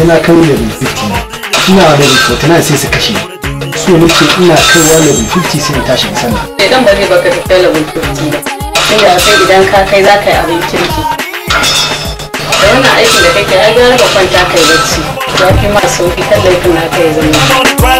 sai na kai level 50 ina level 49 sai su kashe so ce ina kaiwa level 50 sai in tashi in sallah idan eh, ba zai baka ta kai level 50 ba inda sai idan ka kai za ka yi abin kirki da wannan aikin da kake ai gara ka kwanta kai bacci ya fi ma sauki kan laifin na kai zama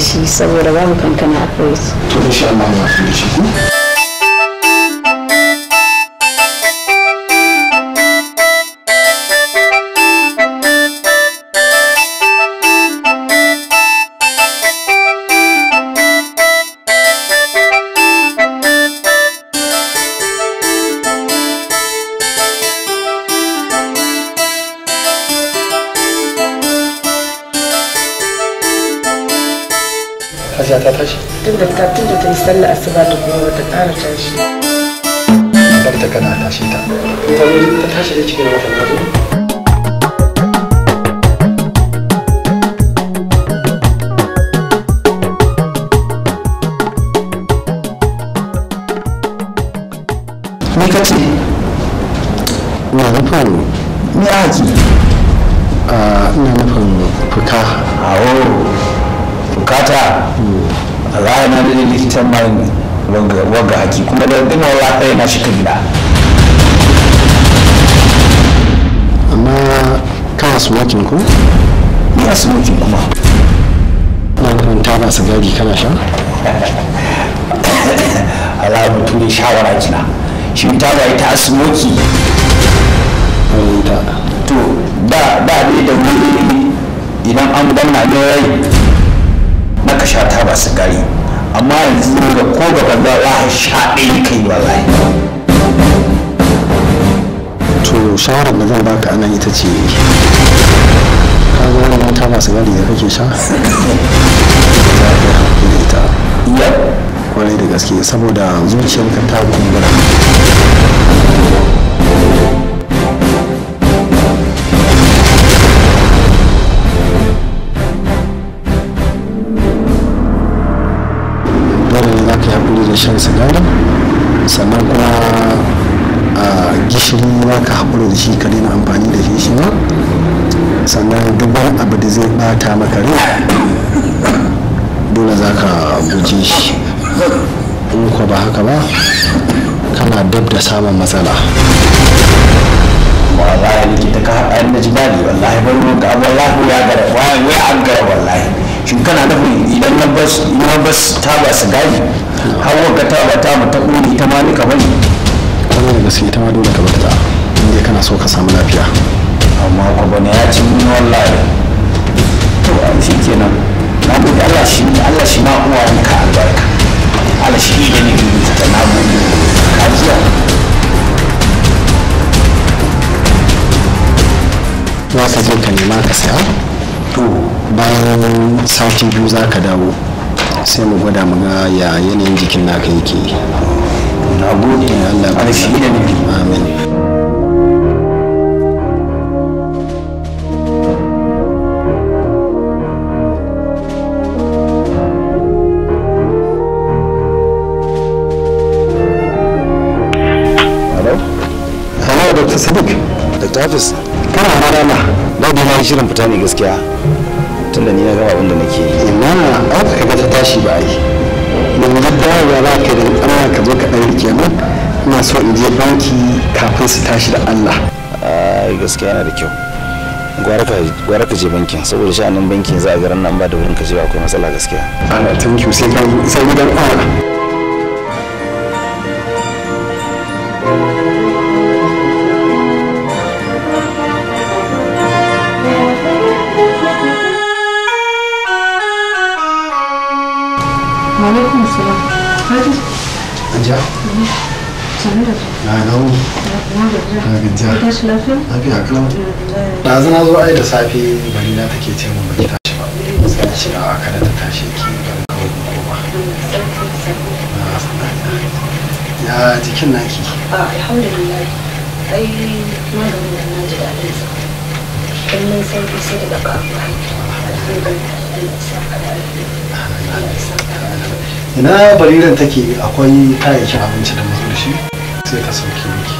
shi saboda babu kankana a fure su. To insha Allah ya fi shi tun da ta tun ta yi sallah asuba ta kuma bata ƙara tashi. Barta kana tashi ta. Ta tashi da cikin watan na ದುಡ್ಡಿನ ಹೋರಾಟ ಸಿಕ್ಕಿಲ್ಲ amma kana smoking ko? ina smoking kuma na karanta ba sigari kana sha? ala mutu ni shawara jina shi ta ita ta to da da ne da wuri idan an gwamna ne rai na ka sha sigari amma yanzu da ko da banza za a sha ɗaya kai wallahi to shawarar da zan baka anan ita ce ka ga wani mota masu gari da kake sha za ka yi da ita kwarai da gaske saboda zuciyarka ta kumbura daina shan sigari sannan kuma a gishiri za ka haƙura da shi ka daina amfani da shi shi ma sannan duk wani abu da zai ɓata maka rai dole za ka guji shi in ko ba haka ba kana dab da samun matsala wallahi ta ka haɗa na ji daɗi wallahi ban ruwan ka wallahi ya gara wallahi wai an gara wallahi shin kana nufin idan na bas ta ba su hawa ga ta bata mu ta ƙuri ta ma ni ka kuma wannan da gaske ita ma dole ka bata inda kana so ka samu lafiya amma ko bane ya ci mun wallahi to an shi kenan na gode Allah shi ne Allah shi ma uwa ka albarka Allah shi da ni ta na gode ka jiya wasa zai ka nema ka saya to bayan sati biyu za ka dawo sai mu gwada mu ga ya yanayin jikin naka yake na gode Allah ka shi da amin Sadiq. Dr. Hafiz. Kana harama. Na da na shirin fita ne gaskiya. tun da ni na gaba wanda nake yi ina na ba ka ta tashi ba yi ban ga dawowa za ka da amma ka zo ka ɗan rike mu ina so in je banki kafin su tashi da Allah ai gaskiya yana da kyau gwara ka je bankin saboda sha'anin bankin za a garan nan ba da wurin ka je akwai matsala gaskiya ana thank you sai ban sai gidan ɗazu na zo ai da safe bari na take ce mun baki tashi ba sai ce a kada ta tashi ki bari kawai ko ba ya jikin na ki sai daga babu ina bariran take akwai kayayyakin abinci da mazo da shi sai ta sauke miki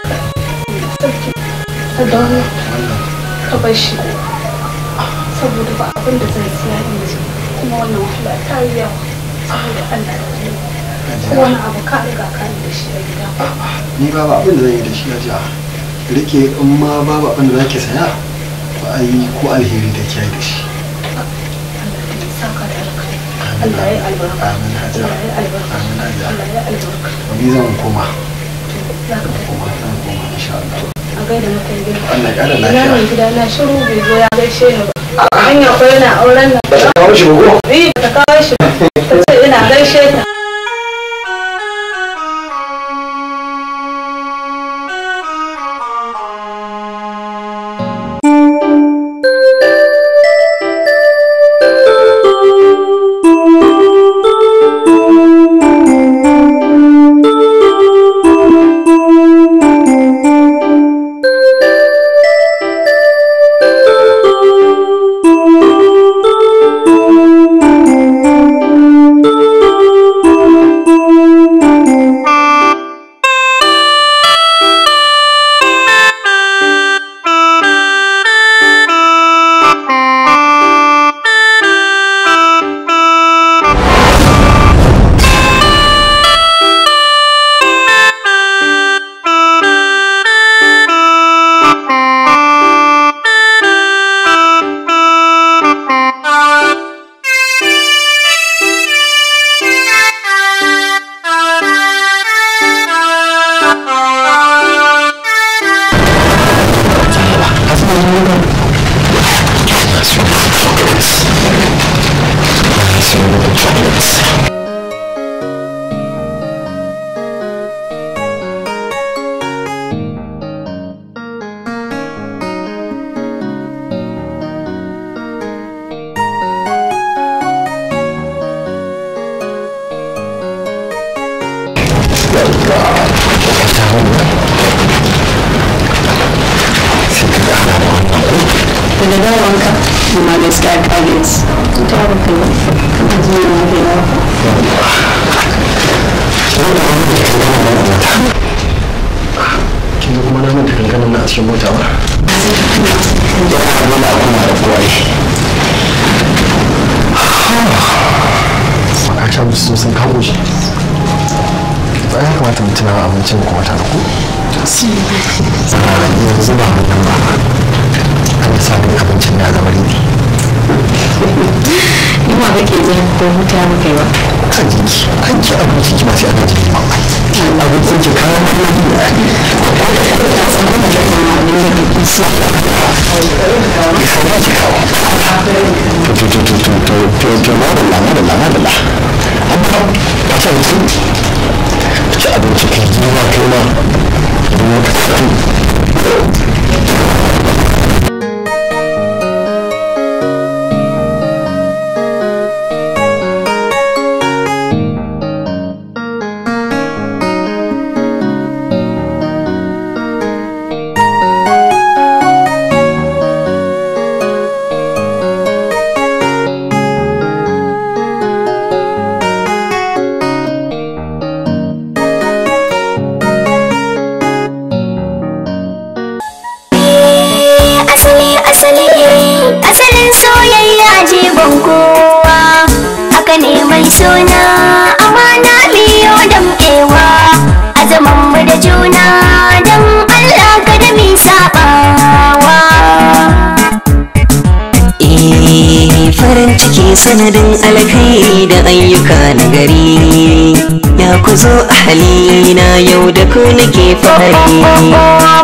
ka don bar shi saboda ba abin da zai siya yanzu kuma wannan wahala ta yi yawa saboda wani abu ka riga ka da shi a gida ni ba ba abin da zan yi da shi a jiya rike in ma babu abin da zaki saya to ko alheri da kiyaye da shi Allah ya albarka. Allah ya albarka. Amin Allah ya albarka. Ni zan koma. Zan koma, zan koma insha Allah. a gaida makalli yaron gida na shiru bai zo ya gaishe ni ba hanya ko yana auren nan Bata kawo shi ba ko? ba kawo shi ba ta ce ina gaishe ta abin ciki abinci aka ciki abin ciki kayan kuma da abinci kai girma kai ma juna amana liyo damƙewa a zaman mu da juna don Allah da mu sabawa eh farin ciki sanadin alkhairi da ayyuka na gari ya kuzo zo halina yau da ku nake fari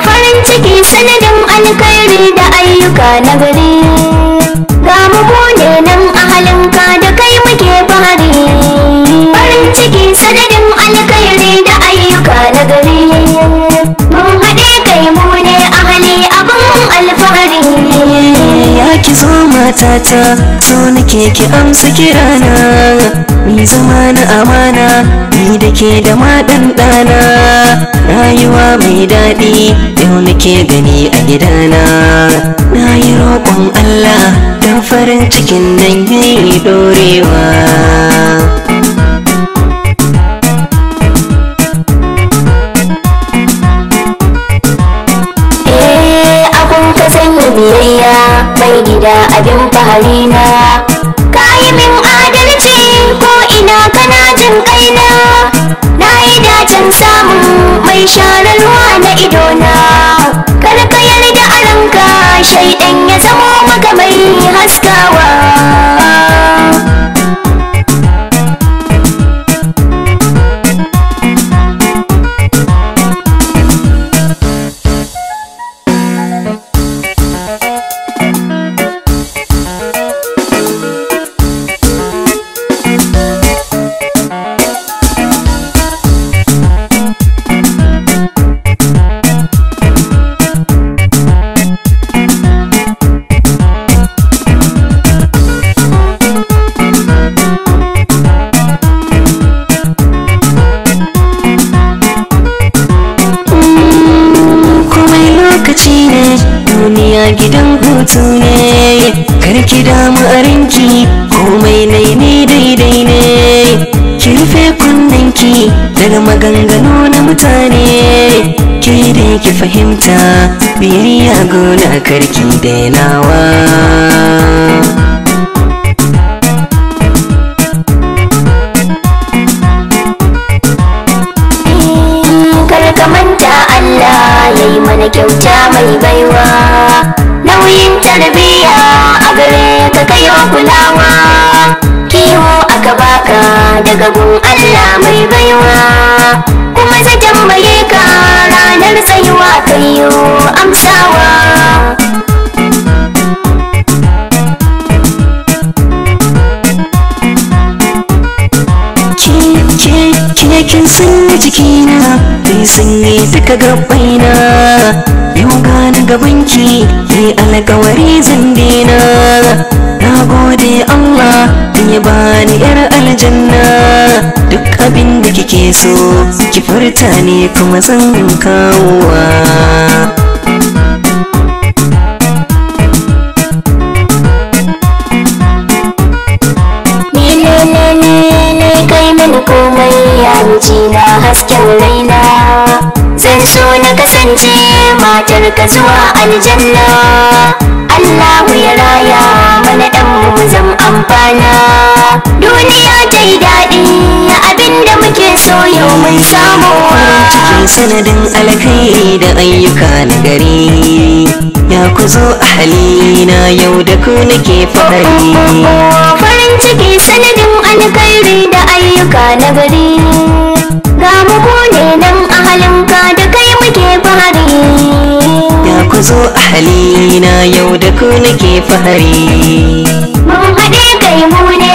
farin ciki sanadin alkhairi da ayyuka na gari matata so nake ki amsa kirana mi zama na amana ni da ke da maɗan ɗana rayuwa mai daɗi yau nake gani a gidana na yi roƙon Allah don farin cikin nan yi ɗorewa say kar maganganu na mutane ki da yake fahimta biyayya gona karki dainawa mana kyauta mai baiwa nauyin tarbiyya a gare ka kayo kulawa daga gun Allah mai baiwa kuma zai tambaye ka ranar tsayuwa kayo amsawa kin sanyi jikina bai sanyi duka gabaina yau gani gabanki yi alkawari zan na gode Allah bani yar aljanna duk abin da kike so ki furta ne kuma zan kawowa komai ya wuce na hasken raina zan so na kasance matar ka zuwa aljanna Allahu ya raya mana dan mu zam amfana ta yi daɗi abinda muke so yau mun samu cikin sanadin alkhairi da ayyuka na gari ya ku zo ahalina yau da ku nake fahari farin ciki sanadin alkairi da ayyuka na gari ga mu ne nan ahalinka da kai muke fahari ya ku zo ahalina yau da ku nake fahari mun haɗe kai mu ne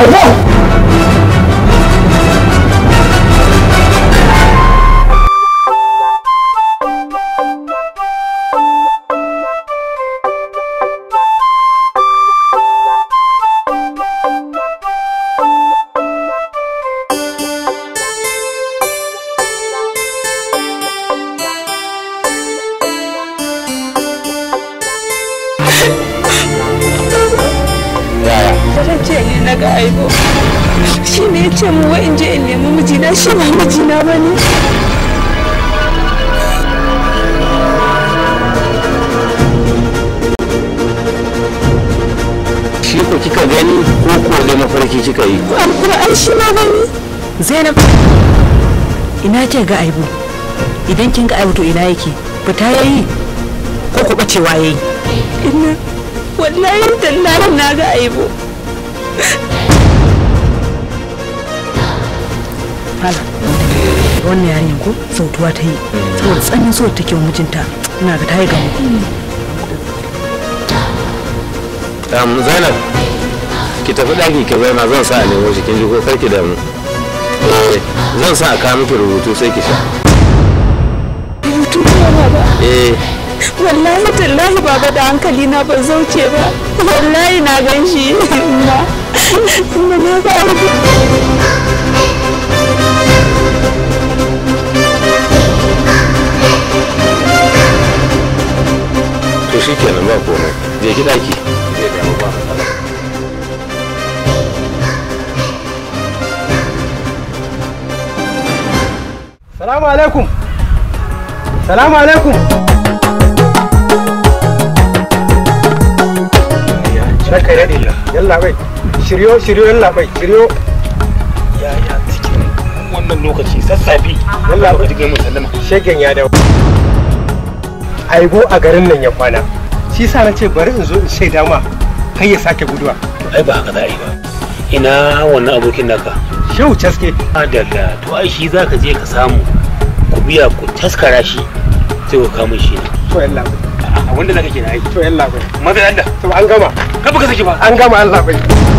I will. ga aibu idan kin ga aibu to ina yake fita yayi ko ku bace waye inna wallahi tallahi na ga aibu hala wannan yarin ko sautuwa ta yi saboda tsanin so take wa mijinta ina ga ta yi gamu zainab ki tafi ɗaki ki zauna zan sa a nemo shi kin ji ko karki damu Eh, zan sa ka miki rubutu sai ki sha rubutu ba eh wallahi tallahi baba da hankali na ba zauce ba wallahi na gan shi na na ba to shikenan ba komai je ki daki je da ba salamu alaikum alaikum yalla bai shiryo shiryo ya ya cikin wannan lokaci sassafe yalla bai jigai mun sallama shegen ya dawo aibo a garin nan ya kwana shi sa na ce bari in zo in shaida ma kai ya sake guduwa ai ba haka za a ba ina wannan abokin naka shehu caske adalla to ai shi zaka je ka samu ku biya ku taskara shi sai ku kama shi ne. to yalla bai wanda zaka kenan ai to yalla bai maza yalla to an gama kafa ka saki ba an gama Allah bai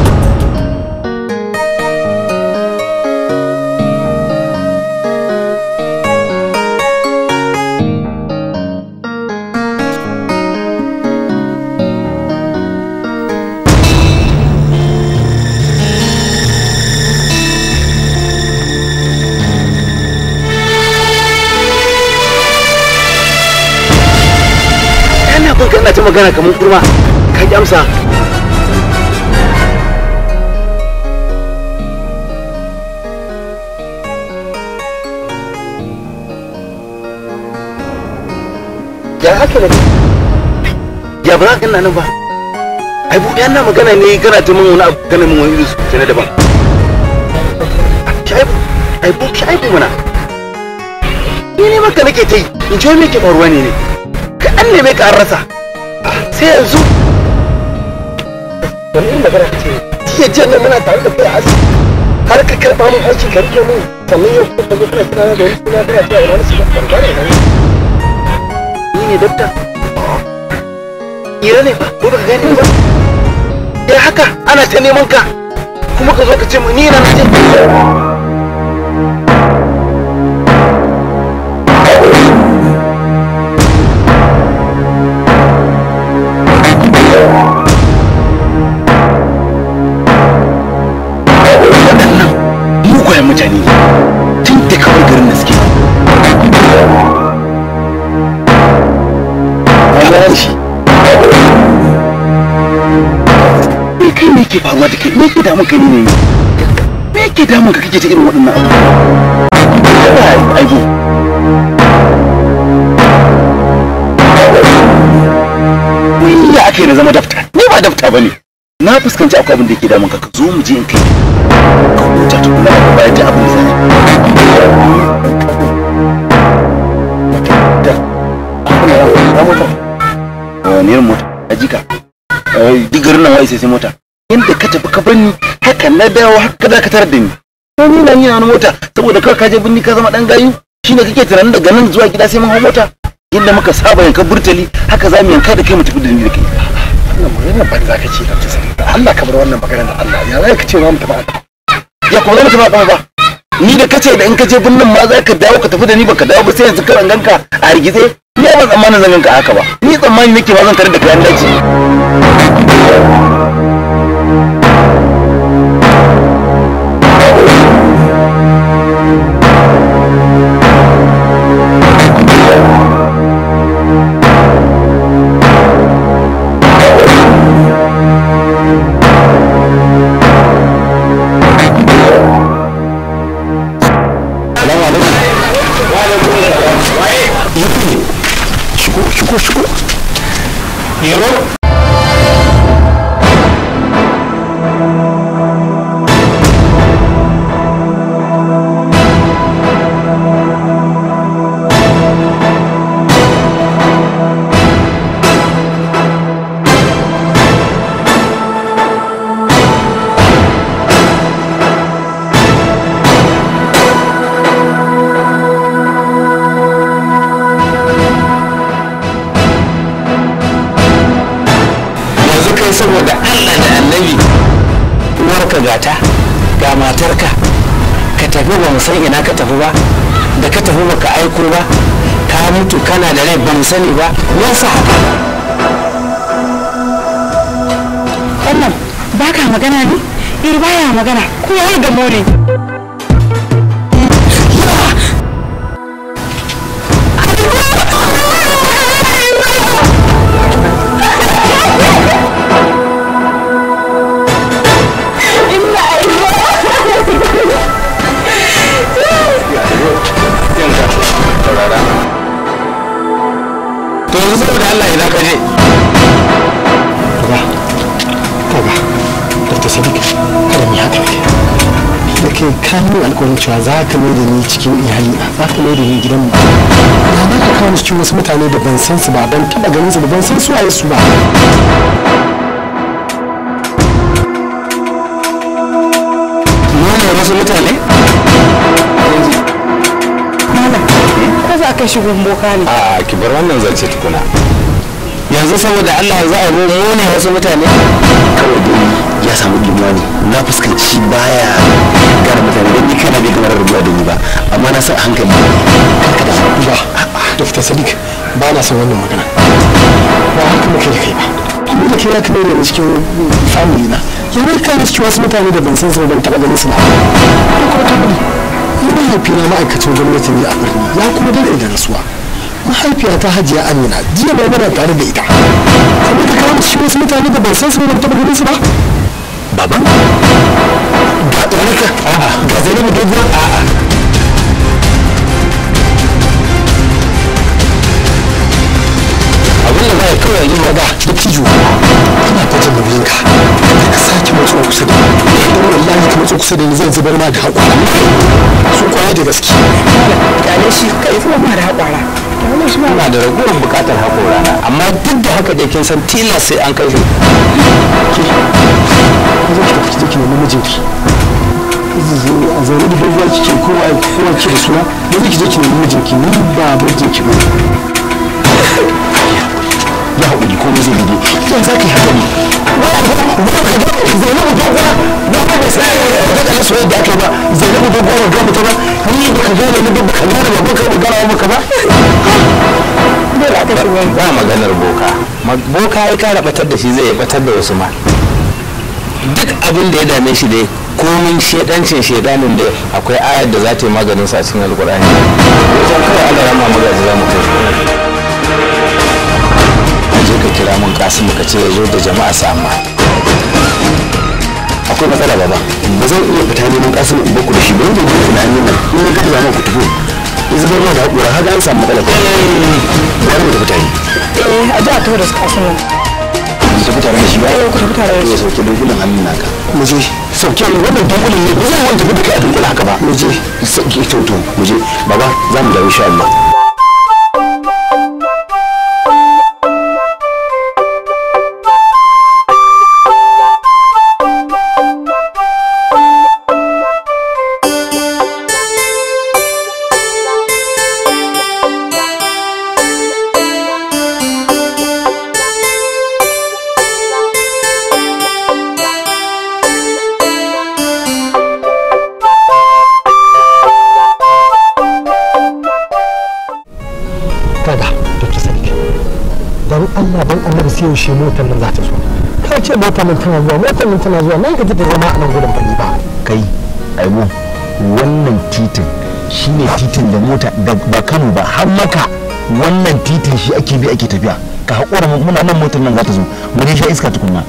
ta magana kamar kurma ka ki amsa ya haka ne ya bara kan nan ba ai bu yana magana ne kana ta mun wani abu kana mun wani su ne daban shaibu ai bu kai bu mana ni ne maka nake tai in ji me ke faruwa ne ne ka an neme ka an rasa sai yanzu wani yi magana ce jiya jiya nan muna tare da kai a har ka karɓa min aiki ka rike sannan yau kuma kaje kana da kana cewa wani suna ni ne dokta ira ne ba ko ba ya haka ana ta neman ka kuma ka zo ka ce mu ni na ce damuwa take me ke damun ka ne ne me ke damun ka ta irin waɗannan ya ake na zama dafta ni ba dafta ba ne na fuskanci akwai abin da yake damun ka ka zo mu je in kai ka huta ta kula da bayan abin zai ne mota sai mota birni haka na dawo haka dakatar da ni ko ni na yana mota saboda kawai ka je birni ka zama dan gayu shine kake tunanin daga nan zuwa gida sai mun hau mota yadda muka saba yanka burtali haka za mu yanka da kai mu tafi da ni da kai wannan maganar banza kake da ta sanin Allah ka bar wannan maganar da Allah ya zai ka ce ba. mu tafi ya kuma za mu tafi ba ni da kace da in ka je birnin ma za ka dawo ka tafi da ni baka dawo ba sai yanzu ka ranganka a rigize ni ba tsammanin zan ganka haka ba ni tsammani nake ba zan tare da kayan daji Diego. sani ba ya sa haka wannan baka magana ne ir eh, baya magana kowa ga more ka yi alkawarin cewa za ka mai da ni cikin iyali za ka mai da ni gidan mu ba ka kawo cikin wasu mutane da ban san su ba ban taɓa ganin su da ban san su waye su ba Mana wasu mutane? Ko za ka shigo boka ne? A'a ki bar wannan zance tukuna. Yanzu saboda Allah za a zo mu ne wasu mutane? Kawai ya samu ɗimuwa ne na fuskanci baya gara mutane da ni na bai kamar rabuwa da ba amma na sa hankali karka da ba dafta sadiq ba na son wannan magana ba haka muke da kai ba abin da ke ya kamar da cikin family na ya rika da cikin wasu mutane da ban san su ban taɓa ganin su ba ko ta bari ina haifina ma'aikacin gwamnati ne a birni ya kuma dare da rasuwa mahaifiya ta hajiya amina jiya ba muna tare da ita kuma ta kawo shi wasu mutane da ban san su ba ban taba ganin su ba baba ga ɗanaka a'a ga zainabu dogon a'a abin da baya kawai yi maga da tijo kana ta jin nauyin ka ka sake matsuwa kusa da ni idan wallahi ka matsuwa kusa da ni zan zubar ma da haƙwara su kwaya da gaske kyale shi kai kuma ba da haƙwara ina da ragowar bukatar haƙorana amma duk da haka dai kin san tilas sai an kai shi zai ki tafi take nemi mijinki a zaune da kowa kowa ki da suna ki ki ni ba ba ya haƙuri ko za ka yi haƙuri ba ba mai aka yi ba ga ba ni ba ka ni ba ka gane ba ka gane ba ka ba ba maganar boka boka ya kara batar da shi zai batar da wasu ma duk abin da ya dame shi dai komin shedancin shedanin da akwai ayar da za ta yi maganin sa cikin alkur'ani wajen kawai Allah rama magaji za mu kai je ka kira mun kasimu ka ce ya zo da jama'a sama akwai matsala baba ba zan iya fita neman kasu in baku da shi ba yadda ku kuna nan in ga gaba ku tafi yanzu ba ba da hakura har an samu matsala ba bari mu fita ne eh a ji a tura su kasimu ki tafi tare da shi ba eh, ku tafi tare da shi sauke dungulan hannun naka mu je sauke mu wannan dungulan ne ba zai wanda duka a dungula haka ba mu je sauke to to mu je baba za mu dawo insha Allah yaushe motar nan za ta zo ka ce motar nan tana zuwa motar nan tana zuwa nan ka ji ta zama a nan gudun fani ba kai aibu wannan titin shine titin da mota da ba Kano ba har maka wannan titin shi ake bi ake tafiya ka haƙura muna nan motar nan za ta zo mu ne sha iska tukunna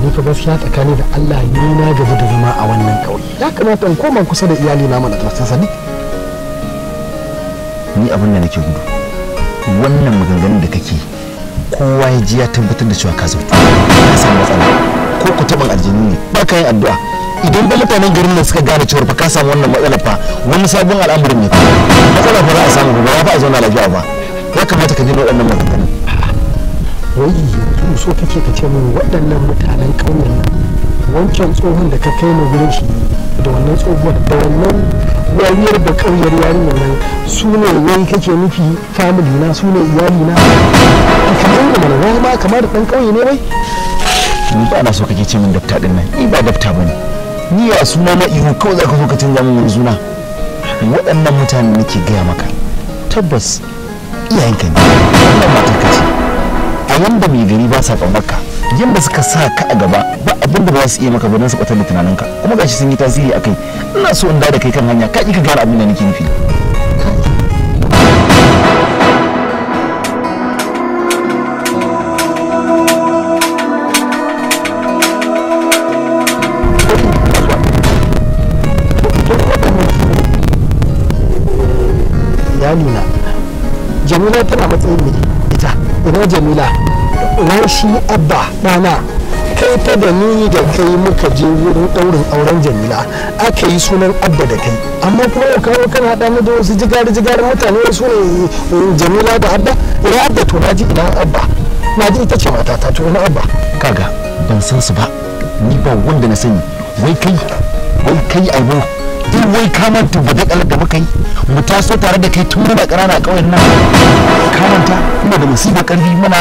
ni fa gaskiya tsakani da Allah ni na gaji da zama a wannan ƙauye ya kamata in koma kusa da iyali na mana tsasa sadi ni abin da nake gudu wannan maganganun da kake kowa ya ji ya tabbatar da cewa ka zo ka samu matsala ko ku taɓa aljini ne ba ka yin addu'a idan ba mutanen garin nan suka gane cewa fa ka samu wannan matsala fa wani sabon al'amarin ne matsala fa za a samu ba ba a zauna lafiya ba ya kamata ka ji waɗannan maganganu wai yanzu so kake ka ce min waɗannan mutanen ƙauyen nan wancan tsohon da ka kai mu gurin shi da wannan tsohuwar da wannan yayiyar da ƙauyar yarinyar nan su ne wai kake nufi family na su ne iyali na kamar da mana wai ma kamar da ɗan ƙauye ne wai ni ba na so kake ce min dafta ɗin nan ni ba dafta ba ne ni a suna na ihu kawai za ka so ka canza min wani suna waɗannan mutane nake gaya maka tabbas iyayenka ne wannan matar a yanda mai gari ba sa ƙaunarka da suka sa ka a gaba ba abin da ba su iya maka ba don su batar da tunaninka kuma gashi sun yi tasiri a kai ina so in da kai kan hanya ka ƙi ka gane abin da nake nufi jamila tana matsayin mai ita ina jamila wai shi abba ɗana kai ta da ni da kai muka je wurin ɗaurin auren jamila aka yi sunan abba da kai amma kuma ya kawo kana haɗa mu da wasu jigari jigari mutane wasu ne eh, jamila da abba ya abba to na ji idan abba na ji ita ce matata to na abba kaga ban san su ba ni ba wanda na sani wai kai wai kai aibu duk wai kamar ta badakalar da muka yi mu taso tare da kai tun muna ƙarana ƙauyen nan kamanta muna da musibar ƙarfi muna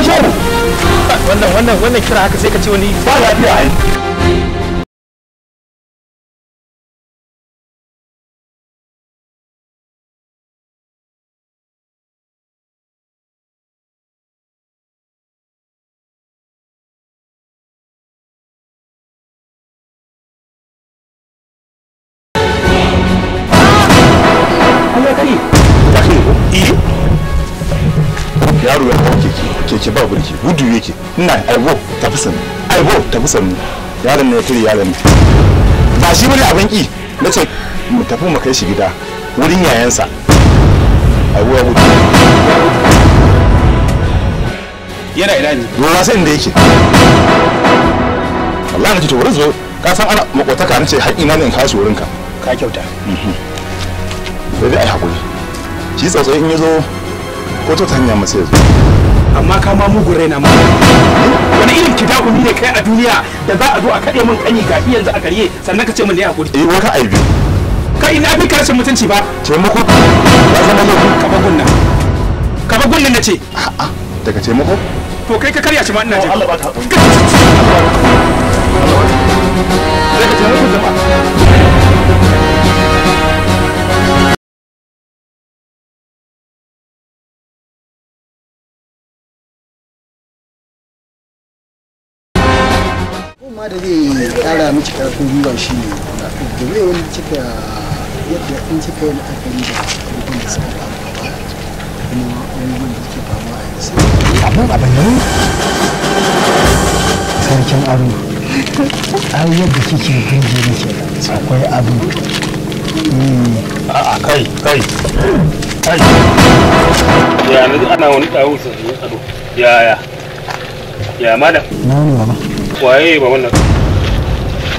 zo wannan wannan wannan kira haka sai ka ce wani ba lafiya ai nan aibo tafi sannu aibo tafi sannu yaron ne ya yaron ne ba shi bane abin ki na ce mu tafi mu kai shi gida wurin yayansa aibo ya gudu yana ina ne ruwa sai inda yake wallahi wurin zo ka san ana makotaka na ne in kashi wurinka ka kyauta mhm. sai dai ai hakuri shi tsautsayi in ya zo ko ta hanya masu yazo amma ka ma mugun raina ma wani irin ki dakumi ne kai a duniya da za a zo a kaɗe min kani ga yanzu a karye sannan ka ce min ne hakuri eh waka aibi ka ina abin karshen mutunci ba taimako ya zama yau ka ba gunna ka ba gunna nace a'a daga taimako to kai ka karya shi ma ina jin Allah ba ta hakuri Allah ba ta hakuri Allah ba ta hakuri ma da zai kara miki karfin gwiwa shi ne da bai wani cika yadda in cika yi la'akari da abubuwan da suka faru kuma abubuwan da suke faruwa a yanzu abin abin nan sarkin aro ai yadda kike gunje nake akwai abu a'a kai kai kai ya ana wani tawo sai ya ya ya madam na ne mama waye ba wannan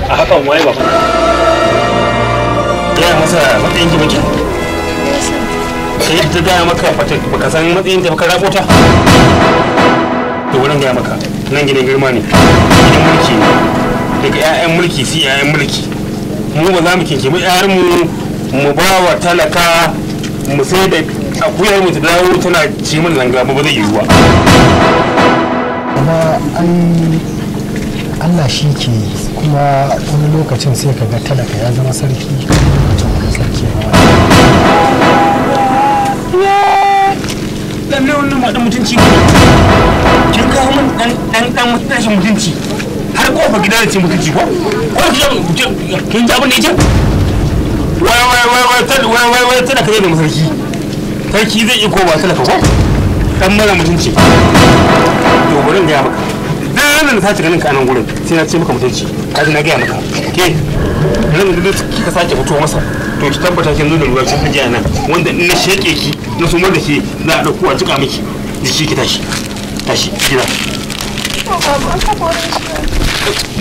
a hakan waye ba ya masa matsayin ki sai ta maka baka san matsayin ta baka to maka nan gidan girma ne gidan mulki ne daga 'ya'yan mulki 'ya'yan mulki mu ba za mu kinke mu mu ba wa talaka mu sai da akuyar mu ta dawo tana ci min ba zai yi ruwa amma an Allah shi ke kuma wani lokacin sai ka ga talaka ya zama sarki lokacin wani sarki ya lalle wannan ma dan mutunci ne kin kawo min dan dan dan mutuncin mutunci har kofar gida da ce mutunci ko ko kin ji abin da yake wai wai wai wai tal wai wai wai talaka ne mai sarki sarki zai iko ba talaka ko dan mara mutunci to bari in ga maka dole na sace ganin ka anan gurin sai na ce maka mutunci kaji na gaya maka ke nan da kika sake fito masa to ki tabbata kin zo da ruwa kin ajiya nan wanda in na sheke ki na so da ke za a dauko a tuka miki jiki ki tashi tashi gida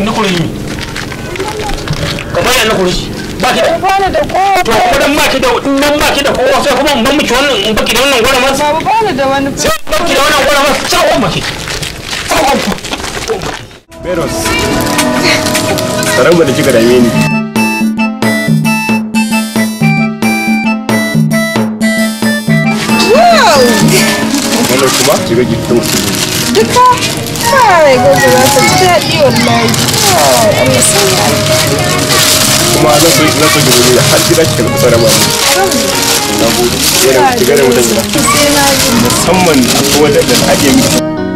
na kore ni shi ba ki da to kuma dan ki da nan ki da kowa sai kuma miki wannan in baki da wannan gwara ma ba da wani sai baki da wannan gwara ma sai kuma sai Beros, saramba da kika dame ni. Wannan kuma shiga gidan mutum. Duka? Kai, gobe za ta ji daɗi wallahi. Kai, ya so zan so ki gobe har gida ki kalbi sarama. Na gode. Yana ki gare mu gida. miki.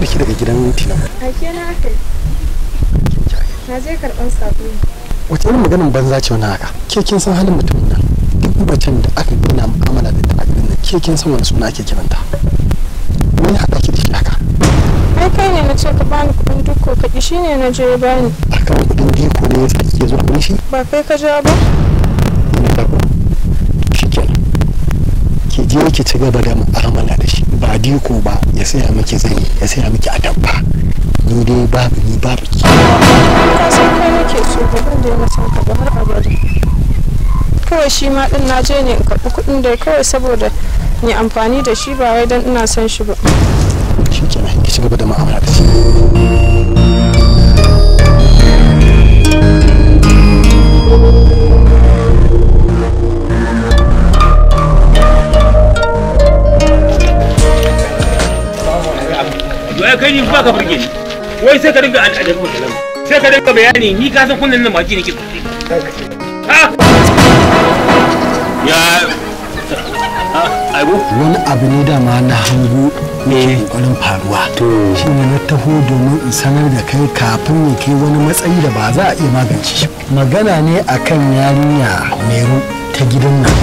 fito da ki daga gidan tina ake na aka na je karɓar sako wata irin maganin banza ce wani haka ke kin san halin mutumin nan duk macen da aka gina mu'amala da ta a gidan nan ke kin san wani suna ake kiranta me ya haɗa ki da shi haka ai kai ne na ce ka bani kuɗin duk ko kaɗi shi ne na je bani A akan kuɗin ko ne ya sa kike zuwa kuɗin shi ba kai ka ja ba ina da ku shi kenan ki je ki ci gaba da mu'amala da shi ba diko ba ya saya miki zai ya saya miki atamfa ni dai babu ni babu ki ka san kai nake so ba dan da na san ka ba har abada kawai shi ma din na je ne in karbi kuɗin da kawai saboda ni amfani da shi ba wai dan ina san shi ba shi kenan ki ci gaba da ma'amala da shi kai ba ka burge ni wai sai ka dinga al'adar mutalan sai ka dinga bayani ni ka san kunnen nan ma baki nake ha ya wani abu ne da ma na hango ne kwanin faruwa to shi ne na taho domin in sanar da kai kafin ne kai wani matsayi da ba za a iya magance shi magana ne akan yarinya meru ta gidan nan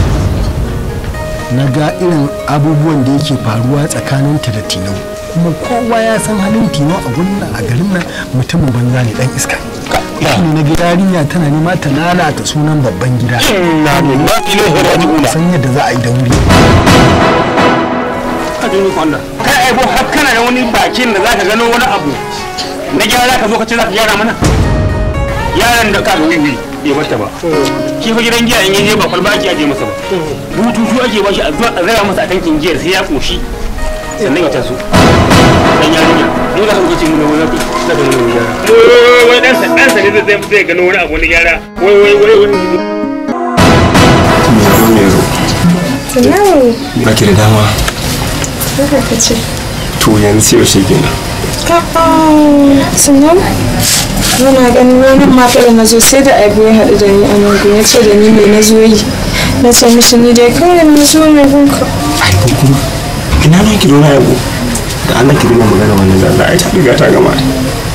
na ga irin abubuwan da yake faruwa tsakaninta da tinau kuma kowa ya san halin tino a gurin nan a garin nan mutumin banza ne dan iska ne na gida yarinya tana nema ta lalata sunan babban gida san yadda za a yi da wuri kai ai bo har kana da wani bakin da zaka gano wani abu na gyara ka zo ka ce zaka gyara mana yaran da ka ga wiwi bai bata ba shi fa gidan giya in yaje ba kwalba ake aje masa ba bututu ake bashi a zuwa a zara masa a tankin giyar sai ya koshi sannan ya taso dan yarinya in ga lokacin mu wani ku da da wani yara wai dan sa dan sa ne zai zai gano wani abu ne yara wai wai wai wai ba ki da dama to yanzu yaushe kenan sannan muna ganin ranar matar na zo sai da abu ya haɗu da ni a nan ya ce da ni mai na zo yi na sami shi ni dai kawai na zo mai ina za ki dora yabo da Allah ki duba magana wannan da Allah ai ta riga ta gama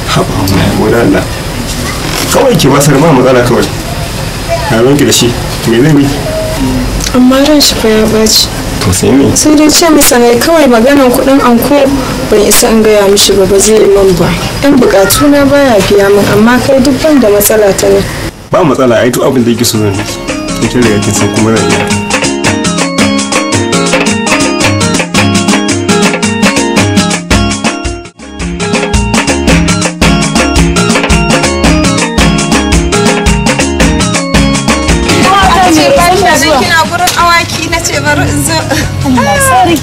haba mai yabo Allah kawai ki ba sarma matsala kawai na ranki da shi me zai yi amma ran shi fa ya baci to sai me sai dai ce masa ne kawai maganan kuɗin anko ban isa in gaya mishi ba ba zai iman ba yan bukatu na baya biya min amma kai duk ban da matsala ta ne ba matsala ai to abin da yake so zan yi ita da yake so kuma ran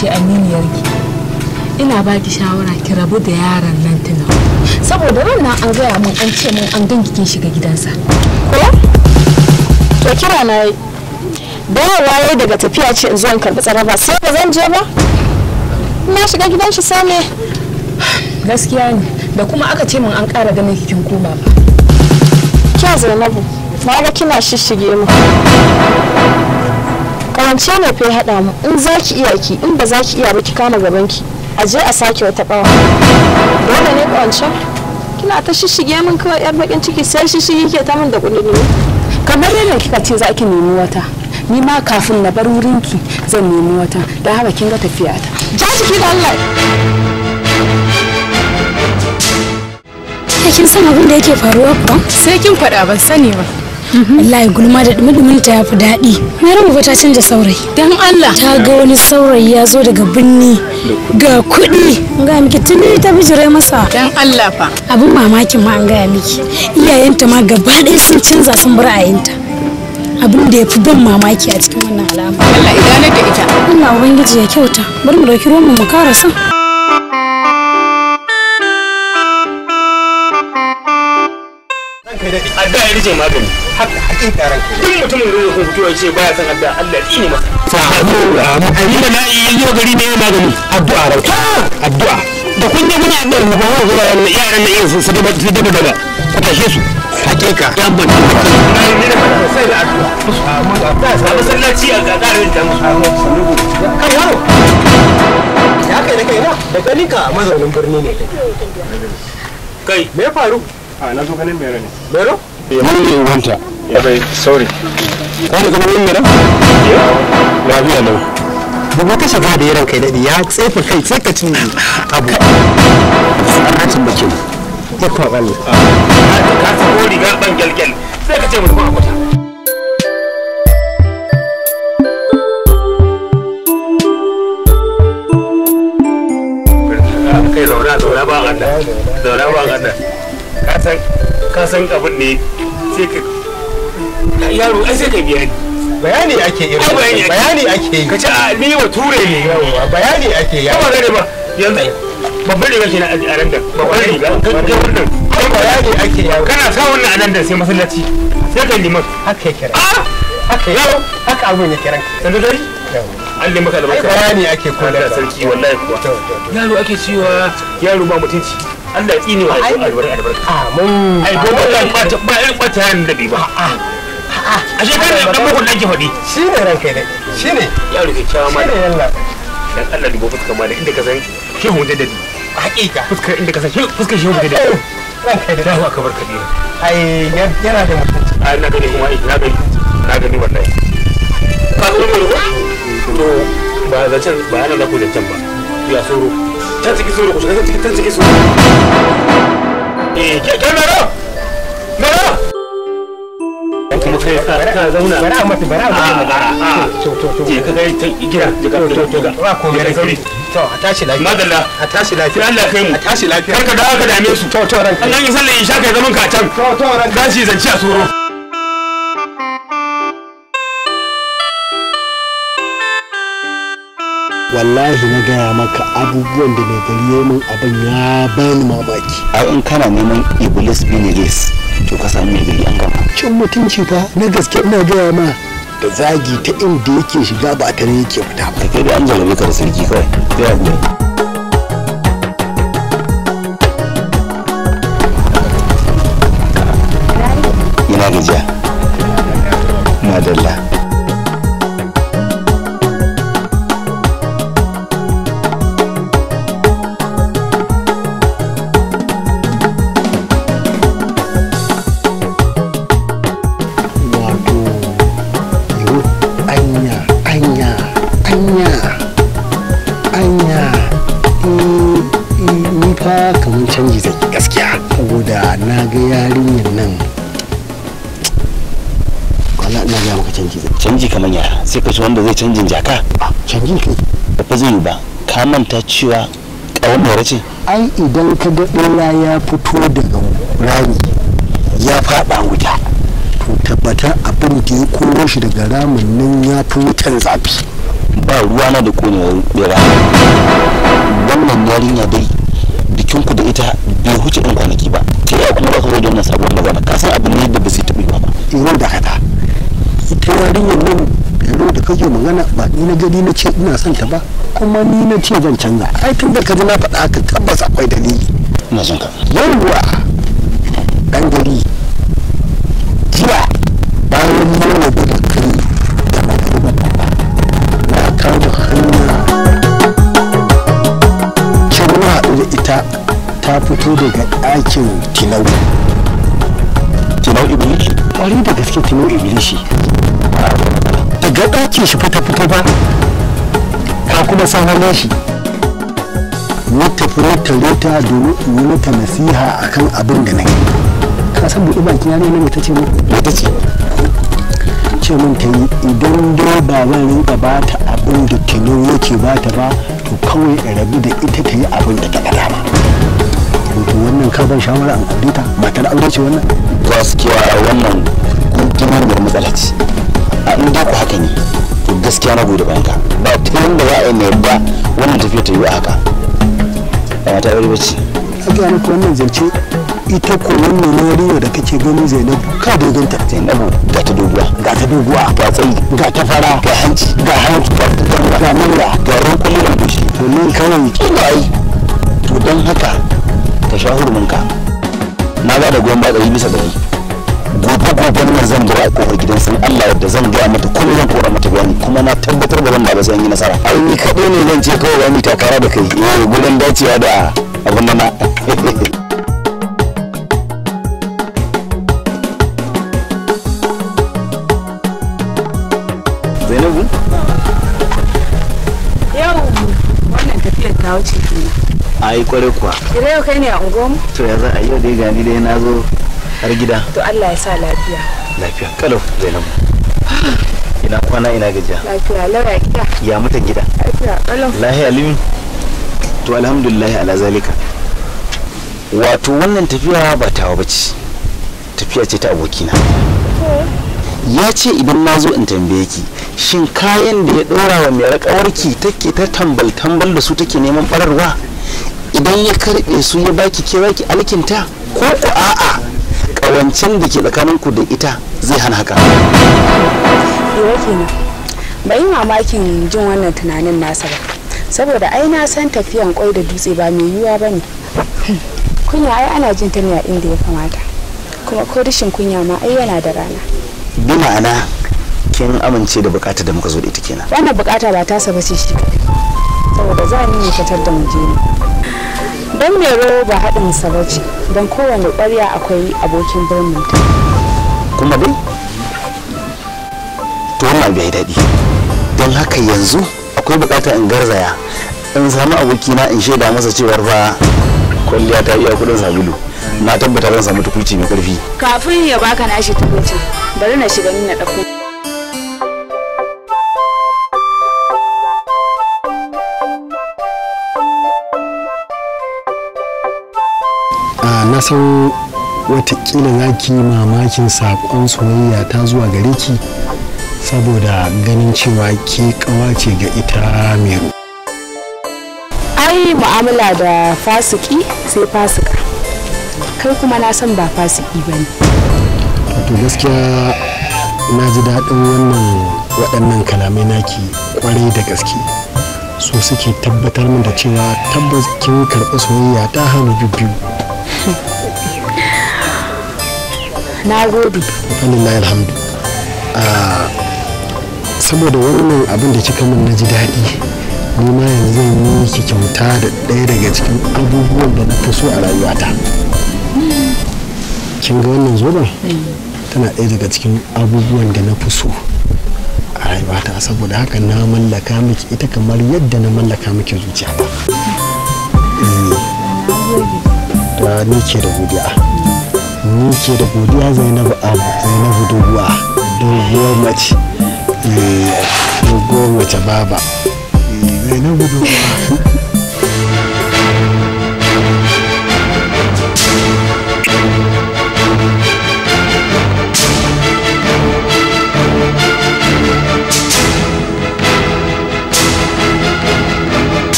ce aminiyarki ina ba ki shawara ki rabu da yaron nan tuna saboda wannan an gaya mun an ce mun an gan kin shiga gidansa ko to kira na yi da waye daga tafiya ce in zo in karɓi tsaraba sai ba zan je ba na shiga gidan shi same gaskiya ne da kuma aka ce mun an ƙara ganin kin koma ba kya zainabu na ga kina shishige mu kawance ne fai haɗa mu in za ki iya ki in ba za ki iya ba ki kama gaban ki a je a sake wata ƙawa dole ne kawancen kina ta shishige min kawai yar bakin ciki sai shishige ke ta min da kuɗi ne kamar dai yadda kika ce za ki nemi wata ni ma kafin na bar wurin ki zan nemi wata da haka kin ga tafiya ta jajiki da Allah kin san abin da yake faruwa kuwa sai kin faɗa ban sani ba wallahi gulma da dumi-dumin ta yafi daɗi Maryam fa ta canza saurayi dan Allah ta ga wani saurayi ya zo daga binni ga kuɗi ga miki tuni ta bijire masa dan Allah fa abin mamakin ma an gaya miki iyayenta ma gaba ɗaya sun canza sun bar ayinta abin da ya fi ban mamaki a cikin wannan alama Allah idanar da ita Allah ubangiji ya kyauta bari mu dauki ruwan mu mu karasa kai da adda ya rije magani haka hakin taron kai duk mutumin da yake fitowa yace baya san adda Allah ya ne masa fa amma ayi da na'i yazo gari ne magani addu'a rauta addu'a da kun je muna da ba wa zuwa yaran yaran nan yin su da ba su da ba da ta tashe su hakika ya ban ne da ba sai da addu'a amma da masallaci a gagarin da musu kan yaro ya kai da kai na da ganinka mazaunin birni ne kai me faru a ah, na zo ne eh, ya bai ka ne kuma ba da yaran kai daɗi ya tsefa kai tsefa cin abu sanatin bakin ya kwaɓa ne ah. ka tsoro rigar ɗan gyalgyal sai ka ce mutum a kai zauna zauna ba a zauna ba a kasan kasan abin ne sai ka yaro ai sai ka biya bayani ake yi bayani ake yi kace a ni wa ture ne yawa bayani ake yi ba gane ba yanzu babban riga kenan a nan da babban riga ga wannan kai bayani ake yi kana sa wannan a nan da sai masallaci sai ka liman haka ya kira ah! haka ya haka abin ya kira sanadu dai Allah maka da barka bayani ake ko da sarki wallahi kuwa yaro ake cewa yaro ba mutunci Allah ya ne wa albarka albarka amin ai gobe ban kwata ba ai kwata yan da ba a shekarar da mugun nake faɗi shine ranka ne shine yaro ke cewa ma shine yalla dan Allah dubo fuska ma da inda ka san shehu jaddadi hakika fuskar inda ka san fuskar shehu jaddadi ranka da dawo barka dira ai yana da mutunci ai na gani kuma ai na gani na gani wallahi ka to ba ka zauna bara mata bara mata ah, ah. to to to ka a tashi lafiya madalla a tashi lafiya a tashi lafiya kar ka dawo ka dame su to to ran an sha kai zaman ka can to to zanci a tsoro. wallahi na gaya maka abubuwan da mai gari ya min abin ya bani mamaki ai in kana neman iblis binilis to ka samu mai an gama cin mutunci fa na gaske ina gaya ma da zagi ta inda yake shiga ba tare yake fita ba kai da an jalabe ka da sarki kawai ya ne ina gajiya madalla ka manta cewa ƙawon ɗora ce ai idan ka ga ɗora ya fito daga rami ya faɗa wuta to tabbatar abin da ya koro shi daga ramin nan ya fi wutan zafi ba ruwa na da ƙonewar ɗora wannan yarinya dai bikinku da ita bai huce ɗan kwanaki ba ta yaya kuma za ka zo da wannan sabon magana ka san abin ne da ba zai taɓa ba irin eh, da haka ita yarinyar nan biro da kake magana ba ni na gani na ce ina son ta ba kuma ni na ce zan canza ai tun da ka ji na faɗa haka tabbas akwai dalili na jin ka yawwa dan gari jiya bayan nuna da kai da makarba na kawo hanya can na haɗu da ita ta fito daga ɗakin tinau tinau ibilishi ƙwari da gaske tinau ibilishi daga ɗakin shi fata fito ba na kuma san hannun shi na tafi na tare ta domin in yi mata nasiha a kan abin da nake ka san buɗe bakin yare na ta ce mu ta ce ce min ta yi idan dai ba zan rinka ba ta abin da tilo yake ba ta ba to kawai in rabu da ita ta yi abin da ta ga dama to wannan ka ban shawara an aure ta matar aure ce wannan gaskiya wannan kun da matsala ce a inda ku haka ne gaskiya na gode bayanka ba tun da za a yi na yadda wannan tafiya ta yi wa haka ba mata yi ba ce a gaya maka wannan zance ita ko wannan yarinya da kake gani zainabu ka doganta zainabu ga ta doguwa ga ta doguwa ga tsayi ga ta fara ga hanci ga hanci ga ta ga manga ga ronkwani da goshi domin kawai kin ai to don haka ka sha hurumin ka na ba da goyon ba yi bisa da yi. gobe goben nan zan jira a kofar gidan sun Allah yadda zan gaya mata kullum zan kora mata bayani kuma na tabbatar da wannan ba sai yi nasara ai ni kaɗai ne zan ce kawai za mu takara da kai yi gudan dacewa da abin nan Zainabu? Yau wannan tafiyar ta wuce kenan. Ai kwarai kuwa. Ire yau kai ne a unguwarmu? To ya za a yau dai gani dai na zo har gida to Allah ya sa lafiya lafiya kalau zainab ina kwana ina gajiya lafiya lafiya gida ya mutan gida lafiya kalau lafiya alimi to alhamdulillah ala zalika wato wannan tafiya ba tawa bace tafiya ce ta abokina ya ce idan na zo in tambaye ki shin kayan da ya dora wa mai rakawarki take ta tambal tambal da su take neman bararwa idan ya karbe su ya baki ke baki alkinta ko ku a'a rancen da ke tsakaninku da ita zai hana haka yiwa kenan bai mamakin jin wannan tunanin nasa ba saboda ai na san tafiyan kwai da dutse ba mai yiwuwa ba ne kunya ai ana jin ta ne a inda ya kamata kuma ko rishin kunya ma ai yana da rana bi ma'ana kin amince da bukata da muka zo da ita kenan wannan bukata ba tasa ce shi saboda za mu yi fitar da mu je ne don mai rawa ba haɗin sa don kowane ƙwarya akwai abokin birnin ta kuma dai to wannan bai daɗi don haka yanzu akwai buƙatar in garzaya in samu abokina in shaida masa cewar ba kwalliya ta iya kuɗin sabulu na tabbata zan samu tukuci mai ƙarfi kafin ya baka nashi tukuci bari na shiga ni na ɗauko san watakila za ki mamakin saƙon soyayya ta zuwa gare ki saboda ganin cewa ke kawace ga ita mero ai mu'amala da fasiki sai fasika kai kuma na san ba fasiki ba ne to gaskiya na ji daɗin wannan waɗannan kalamai naki kwarai da gaske so suke tabbatar min da cewa tabbas kin karɓi soyayya ta hannu biyu na gode alhamdulillah alhamdu ah, saboda wannan abin da kika min ji daɗi ni ma yanzu zan yi miki kyauta da ɗaya daga cikin abubuwan da na fi so a rayuwata kin ga wannan zoben eh. tana ɗaya daga cikin abubuwan da na fi so a rayuwata saboda haka na mallaka miki ita kamar yadda na mallaka miki zuciya ba eh. ni ke da godiya ni ke da godiya zainabu abu zainabu doguwa doguwar mace eh, doguwar mace baba eh, zainabu doguwa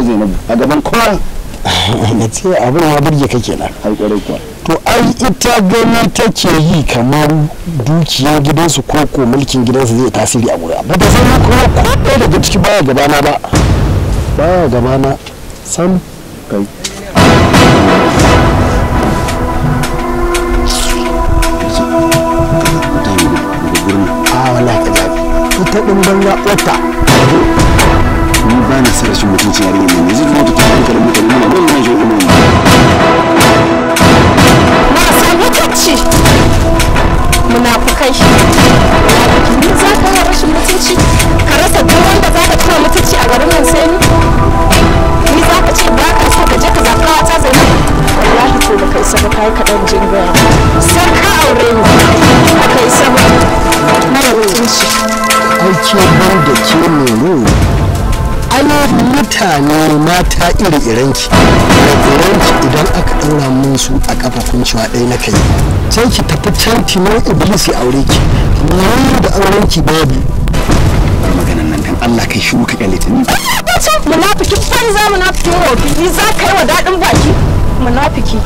tafi zainabu a gaban kowa na ce abin ma birge kake na har kwarai kuwa to ai ita gani take yi kamar dukiyar gidansu ko ko mulkin gidansu zai tasiri a wurin ba ta san kuma ko ɗaya daga ciki baya gabana ba baya gabana sam kai ire-irenki ire-irenki idan aka ɗaura min su a kafafun cewa ɗaya na kai sai ki tafi can ki mai iblis ya aure ki amma da auren ki babu bar maganan nan dan Allah kai shiru ka kalle ta ni munafiki banza munafiki wofi ni za ka yi wa daɗin baki munafiki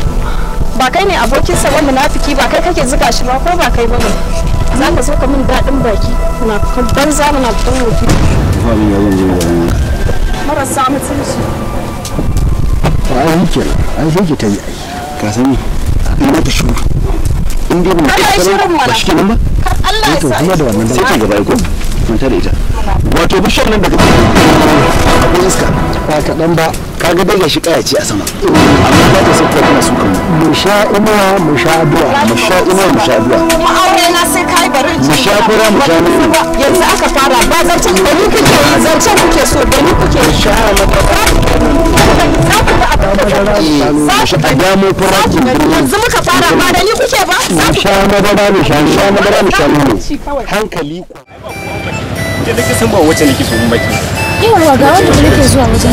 ba kai ne abokinsa ba munafiki ba kai kake zuga shi ba ko ba kai ba za ka sauka min daɗin baki na banza muna fitan wofi. Marasa mutunci. to ai yake ai sai ki ta yi ai ka sani in ba ta shuru in dai ban ta shirin ba shi kenan ba Allah eh ya sa kuma da wannan sai ta gaba ko manta da ita wato bishiyar nan da ka ko iska ba kaɗan ba kaga dai shi kaya ce a sama amma ba ta sauka kuma su kan mu sha inuwa mu sha addu'a mu sha inuwa mu sha addu'a kuma aure na sai kai barin mu sha fura mu sha inuwa yanzu aka fara ba ci da ni kike yi zancen kuke so da ni kuke eh, sha Adamu faraki fara ba ba da nake zuwa wajen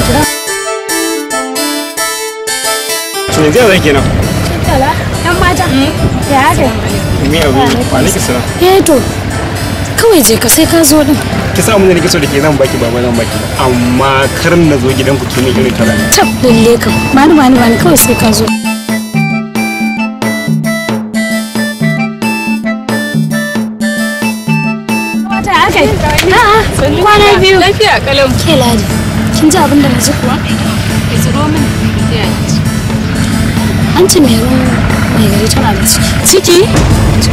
kira yanzu zai zan kenan dan mata hmm? ya haka mi abu wa nake sira eh to kawai je ka sai ka zo din ki samu ne nake so da ke zan baki baba zan baki amma kar na zo gidan ku ki ne irin kaza tab lalle kam mani mani mani kawai sai ka zo A'a, kwana biyu. Lafiya kalau. Ke ladi, kin ji abin da na ji kuwa? Ki tsiro min hancin ruwa mai gari tana da ciki ciki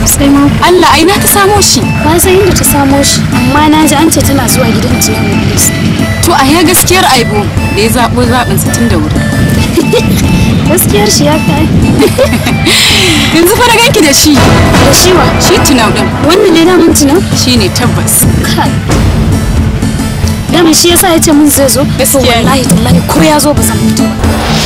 sosai ma Allah ai na ta samo shi ba san inda ta samo shi amma na ji an ce tana zuwa gidan jiya to a ya gaskiyar aibo da ya zaɓo zaɓin sa tun da wuri gaskiyar shi ya kai yanzu fara ganki da shi da shi wa shi tunau din wannan ne namun tunau shi ne tabbas dama shi yasa ya ce mun zai zo gaskiya wallahi tallahi ko ya zo ba zan fito ba